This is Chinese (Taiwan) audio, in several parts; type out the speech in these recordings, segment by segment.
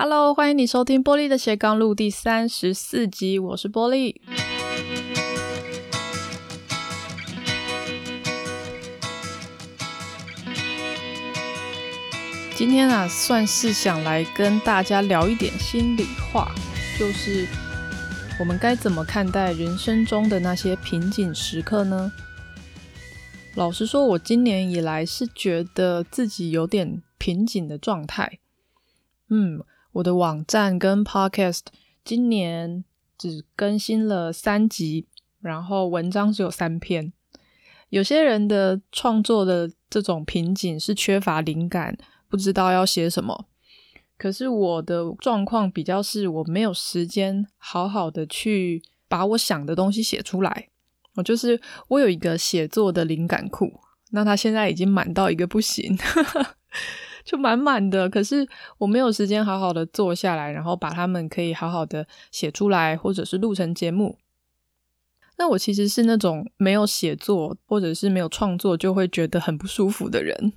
Hello，歡迎你收聽《波莉的斜槓路》第三十四集，我是波莉。今天啊，算是想來跟大家聊一點心裡話，就是我們該怎麼看待人生中的那些瓶頸時刻呢？老實說，我今年以來是覺得自己有點瓶頸的狀態，嗯。我的網站跟 podcast 今年只更新了三集，然後文章只有三篇。有些人的創作的這種瓶頸是缺乏靈感，不知道要寫什麼。可是我的狀況比較是我沒有時間好好的去把我想的東西寫出來。我就是我有一個寫作的靈感庫，那他現在已經滿到一個不行。 就滿滿的，可是我沒有時間好好的坐下來，然後把他們可以好好的寫出來，或者是錄成節目。那我其實是那種沒有寫作或者是沒有創作就會覺得很不舒服的人，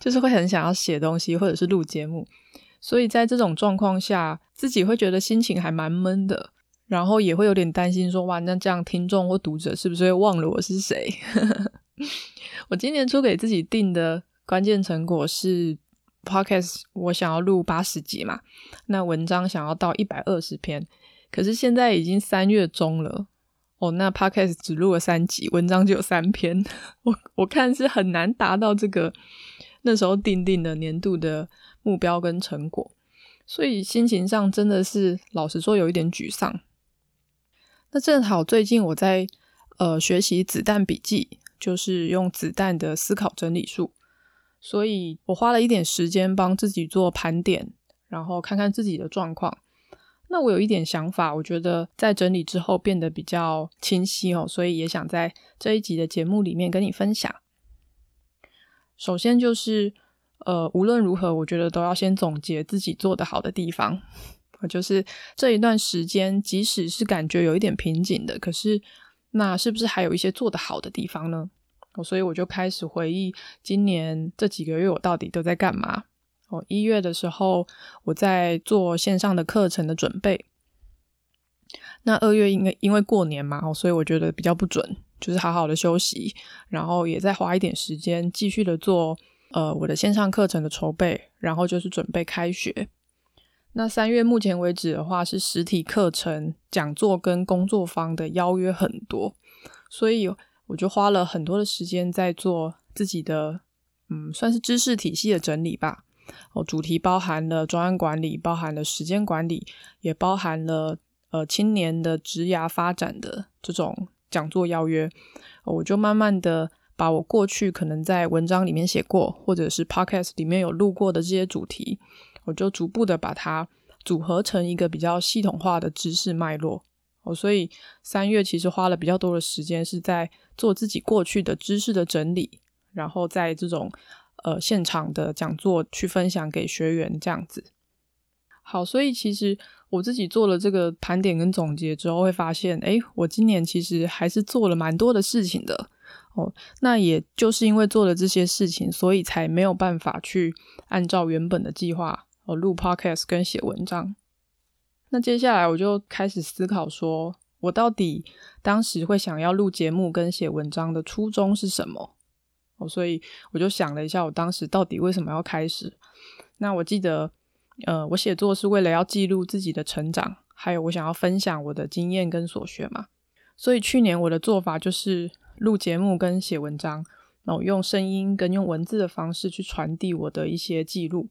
就是會很想要寫東西或者是錄節目，所以在這種狀況下，自己會覺得心情還蠻悶的，然後也會有點擔心說，哇，那這樣聽眾或讀者是不是會忘了我是誰？ 我今年初給自己定的。關鍵成果是 podcast，我想要錄八十集嘛，那文章想要到一百二十篇，可是現在已經三月中了哦，那 podcast 只錄了三集，文章就有三篇， 我我看是很難達到這個那時候訂定的年度的目標跟成果，所以心情上真的是老實說有一點沮喪。那正好最近我在呃學習子彈筆記，就是用子彈的思考整理術。所以我花了一點時間幫自己做盤點，然後看看自己的狀況。那我有一點想法，我覺得在整理之後變得比較清晰哦，所以也想在這一集的節目裡面跟你分享。首先就是，呃，無論如何，我覺得都要先總結自己做得好的地方啊，就是這一段時間，即使是感覺有一點瓶頸的，可是那是不是還有一些做得好的地方呢？哦，所以我就開始回憶今年這幾個月我到底都在幹嘛。哦，一月的時候我在做線上的課程的準備。那二月因為因為過年嘛，所以我覺得比較不準，就是好好的休息，然後也再花一點時間繼續的做呃我的線上課程的籌備，然後就是準備開學。那三月目前為止的話，是實體課程、講座跟工作坊的邀約很多，所以，我就花了很多的時間在做自己的，嗯，算是知識體系的整理吧。我主題包含了專案管理，包含了時間管理，也包含了呃青年的職涯發展的這種講座邀約。我就慢慢的把我過去可能在文章裡面寫過，或者是 podcast 裡面有錄過的這些主題，我就逐步的把它組合成一個比較系統化的知識脈絡。哦，所以三月其實花了比較多的時間是在做自己過去的知識的整理，然後在這種呃現場的講座去分享給學員，這樣子。好，所以其實我自己做了這個盤點跟總結之後，會發現，誒，我今年其實還是做了蠻多的事情的。哦，那也就是因為做了這些事情，所以才沒有辦法去按照原本的計劃，哦，錄 Podcast 跟寫文章。那接下來我就開始思考說，說我到底當時會想要錄節目跟寫文章的初衷是什麼？哦，所以我就想了一下，我當時到底為什麼要開始？那我記得，呃，我寫作是為了要記錄自己的成長，還有我想要分享我的經驗跟所學嘛。所以去年我的做法就是錄節目跟寫文章，然後用聲音跟用文字的方式去傳遞我的一些記錄。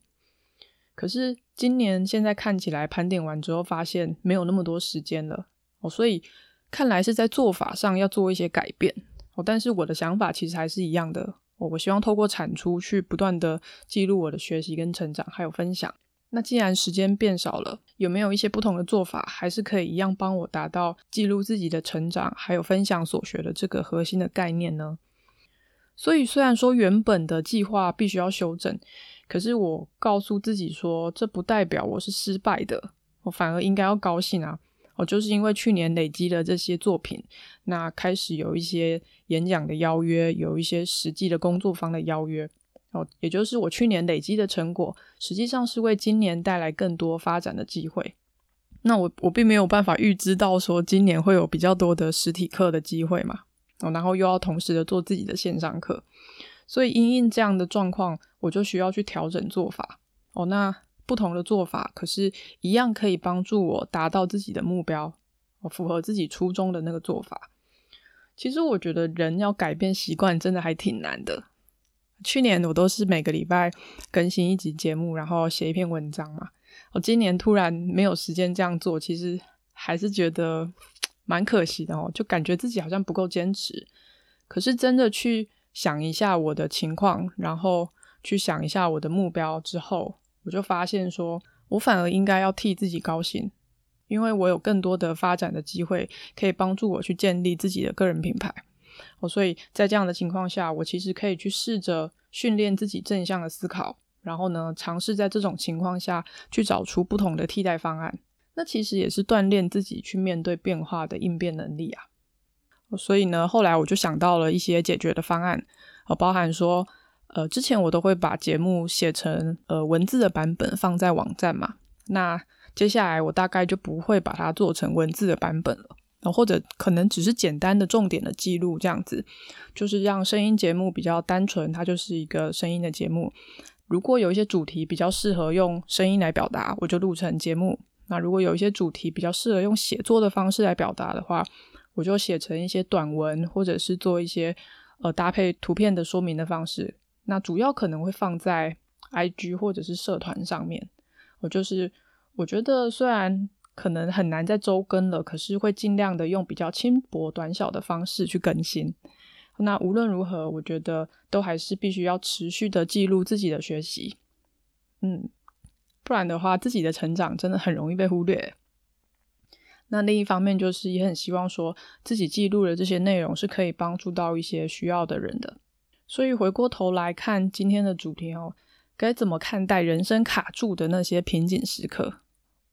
可是今年現在看起來，盤點完之後發現沒有那麼多時間了哦，所以看來是在做法上要做一些改變哦。但是我的想法其實還是一樣的，我我希望透過產出去不斷的記錄我的學習跟成長，還有分享。那既然時間變少了，有沒有一些不同的做法，還是可以一樣幫我達到記錄自己的成長，還有分享所學的這個核心的概念呢？所以雖然說原本的計劃必須要修正。可是我告訴自己說，這不代表我是失敗的，我反而應該要高興啊！我、哦、就是因為去年累積了這些作品，那開始有一些演講的邀約，有一些實際的工作坊的邀約，哦，也就是我去年累積的成果，實際上是為今年帶來更多發展的機會。那我我並沒有辦法預知到說今年會有比較多的實體課的機會嘛，哦，然後又要同時的做自己的線上課。所以，因應這樣的狀況，我就需要去調整做法哦。那不同的做法，可是，一樣可以幫助我達到自己的目標，符合自己初衷的那個做法。其實，我覺得人要改變習慣，真的還挺難的。去年我都是每個禮拜更新一集節目，然後寫一篇文章嘛。我、哦、今年突然沒有時間這樣做，其實還是覺得蠻可惜的哦。就感覺自己好像不夠堅持，可是真的去。想一下我的情況，然後去想一下我的目標之後，我就發現說，我反而應該要替自己高興，因為我有更多的發展的機會，可以幫助我去建立自己的個人品牌。哦，所以在這樣的情況下，我其實可以去試着訓練自己正向的思考，然後呢，嘗試在這種情況下去找出不同的替代方案。那其實也是鍛鍊自己去面對變化的應變能力啊。所以呢，後來我就想到了一些解決的方案，呃，包含說，呃，之前我都會把節目寫成呃文字的版本放在網站嘛。那接下來我大概就不會把它做成文字的版本了，然後，呃，或者可能只是簡單的重點的記錄這樣子，就是讓聲音節目比較單純，它就是一個聲音的節目。如果有一些主題比較適合用聲音來表達，我就錄成節目；那如果有一些主題比較適合用寫作的方式來表達的話，我就寫成一些短文，或者是做一些呃搭配圖片的說明的方式。那主要可能會放在 IG 或者是社團上面。我就是我覺得雖然可能很難在周更了，可是會尽量的用比較輕薄短小的方式去更新。那無論如何，我覺得都還是必須要持續的記錄自己的學習。嗯，不然的話，自己的成長真的很容易被忽略。那另一方面，就是也很希望說自己記錄的這些內容是可以幫助到一些需要的人的。所以回過頭來看今天的主題哦，該怎麼看待人生卡住的那些瓶頸時刻？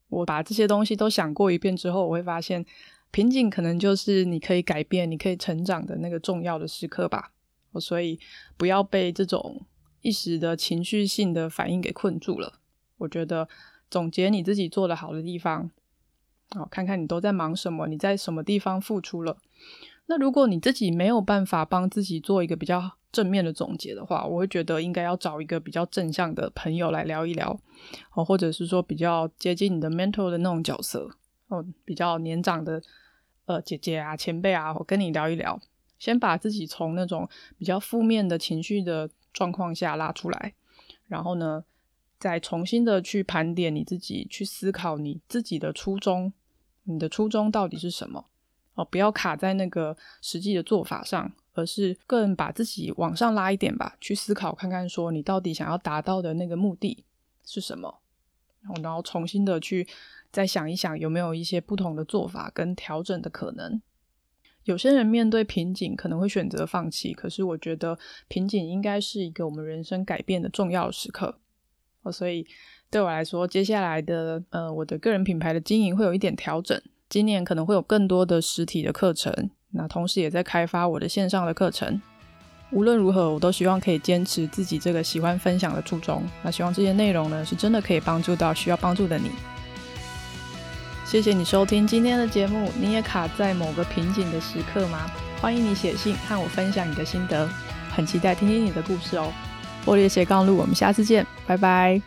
我把這些東西都想過一遍之後，我會發現瓶頸可能就是你可以改變、你可以成長的那個重要的時刻吧。所以不要被這種一時的情緒性的反應給困住了。我覺得總結你自己做的好的地方。哦，看看你都在忙什麼，你在什麼地方付出了。那如果你自己沒有辦法幫自己做一個比較正面的總結的話，我會覺得應該要找一個比較正向的朋友來聊一聊，哦，或者是說比較接近你的 mentor 的那種角色，哦，比較年長的呃姐姐啊、前輩啊，我跟你聊一聊，先把自己從那種比較負面的情緒的狀況下拉出來，然後呢，再重新的去盤點你自己，去思考你自己的初衷。你的初衷到底是什麼？哦，不要卡在那個實際的做法上，而是更把自己往上拉一點吧，去思考看看，說你到底想要達到的那個目的是什麼，然後然後重新的去再想一想，有沒有一些不同的做法跟調整的可能。有些人面對瓶頸可能會選擇放棄，可是我覺得瓶頸應該是一個我們人生改變的重要時刻。所以對我來說，接下來的呃，我的個人品牌的經營會有一點調整。今年可能會有更多的實體的課程，那同時也在開發我的線上的課程。無論如何，我都希望可以堅持自己這個喜歡分享的初衷。那希望這些內容呢，是真的可以幫助到需要幫助的你。謝謝你收聽今天的節目。你也卡在某個瓶頸的時刻嗎？歡迎你寫信和我分享你的心得，很期待聽聽你的故事哦。波莉斜槓路，我們下次見。拜拜。